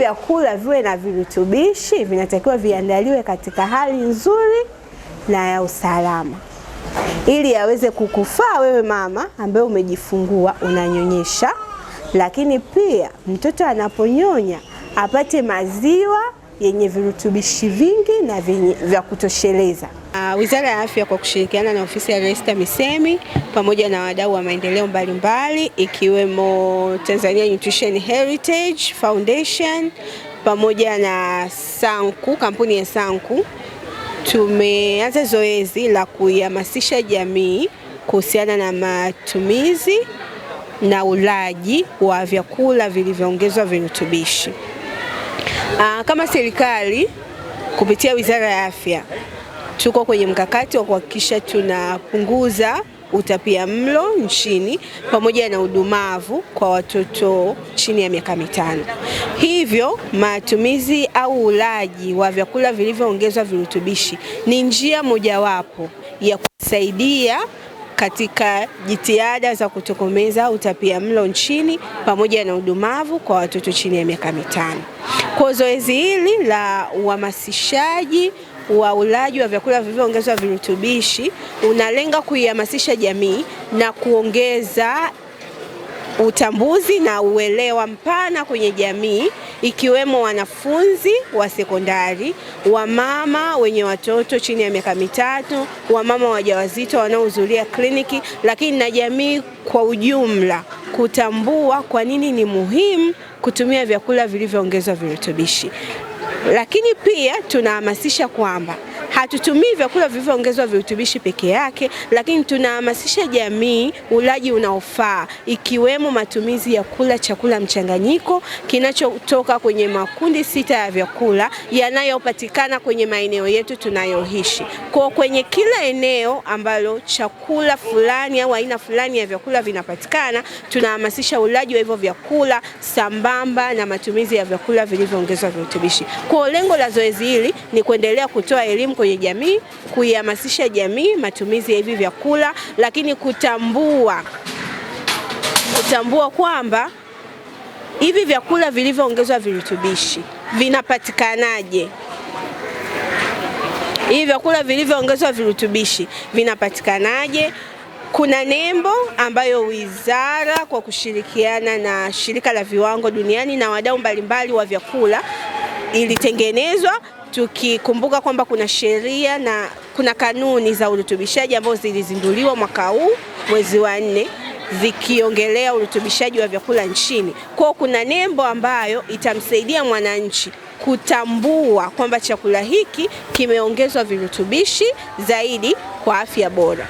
vyakula viwe na virutubishi, vinatakiwa viandaliwe katika hali nzuri na ya usalama, ili yaweze kukufaa wewe mama ambaye umejifungua unanyonyesha, lakini pia mtoto anaponyonya apate maziwa yenye virutubishi vingi na vinye, vya kutosheleza. Uh, Wizara ya Afya kwa kushirikiana na ofisi ya Rais TAMISEMI pamoja na wadau wa maendeleo mbalimbali ikiwemo Tanzania Nutrition Heritage Foundation pamoja na Sanku, kampuni ya Sanku, tumeanza zoezi la kuihamasisha jamii kuhusiana na matumizi na ulaji wa vyakula vilivyoongezwa virutubishi. Aa, ah, kama serikali kupitia Wizara ya Afya tuko kwenye mkakati wa kuhakikisha tunapunguza utapia mlo nchini pamoja na udumavu kwa watoto chini ya miaka mitano. Hivyo matumizi au ulaji wa vyakula vilivyoongezwa virutubishi ni njia mojawapo ya kusaidia katika jitihada za kutokomeza utapia mlo nchini pamoja na udumavu kwa watoto chini ya miaka mitano. Kwa zoezi hili la uhamasishaji wa ulaji wa vyakula vilivyoongezwa virutubishi unalenga kuihamasisha jamii na kuongeza utambuzi na uelewa mpana kwenye jamii ikiwemo wanafunzi wa sekondari, wamama wenye watoto chini ya miaka mitatu, wamama wajawazito wanaohudhuria kliniki, lakini na jamii kwa ujumla kutambua kwa nini ni muhimu kutumia vyakula vilivyoongezwa virutubishi. Lakini pia tunahamasisha kwamba hatutumii vyakula vilivyoongezwa virutubishi peke yake, lakini tunahamasisha jamii ulaji unaofaa, ikiwemo matumizi ya kula chakula mchanganyiko kinachotoka kwenye makundi sita ya vyakula yanayopatikana kwenye maeneo yetu tunayoishi. Kwa kwenye kila eneo ambalo chakula fulani au aina fulani ya vyakula vinapatikana, tunahamasisha ulaji wa hivyo vyakula sambamba na matumizi ya vyakula vilivyoongezwa virutubishi. Kwa lengo la zoezi hili ni kuendelea kutoa elimu kwenye jamii, kuihamasisha jamii matumizi ya hivi vyakula, lakini kutambua kutambua kwamba hivi vyakula vilivyoongezwa virutubishi vinapatikanaje? Hivi vyakula vilivyoongezwa virutubishi vinapatikanaje? Kuna nembo ambayo wizara kwa kushirikiana na shirika la viwango duniani na wadau mbalimbali wa vyakula ilitengenezwa tukikumbuka kwamba kuna sheria na kuna kanuni za urutubishaji ambazo zilizinduliwa mwaka huu mwezi wa nne zikiongelea urutubishaji wa vyakula nchini. Kwao kuna nembo ambayo itamsaidia mwananchi kutambua kwamba chakula hiki kimeongezwa virutubishi zaidi kwa afya bora.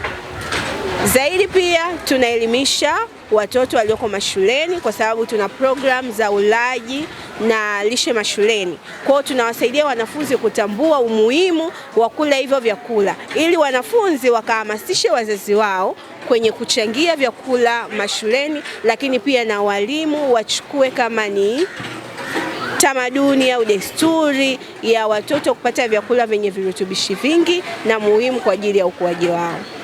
Zaidi pia tunaelimisha watoto walioko mashuleni kwa sababu tuna program za ulaji na lishe mashuleni. Kwa hiyo tunawasaidia wanafunzi kutambua umuhimu wa kula hivyo vyakula ili wanafunzi wakahamasishe wazazi wao kwenye kuchangia vyakula mashuleni, lakini pia na walimu wachukue kama ni tamaduni au desturi ya watoto kupata vyakula vyenye virutubishi vingi na muhimu kwa ajili ya ukuaji wao.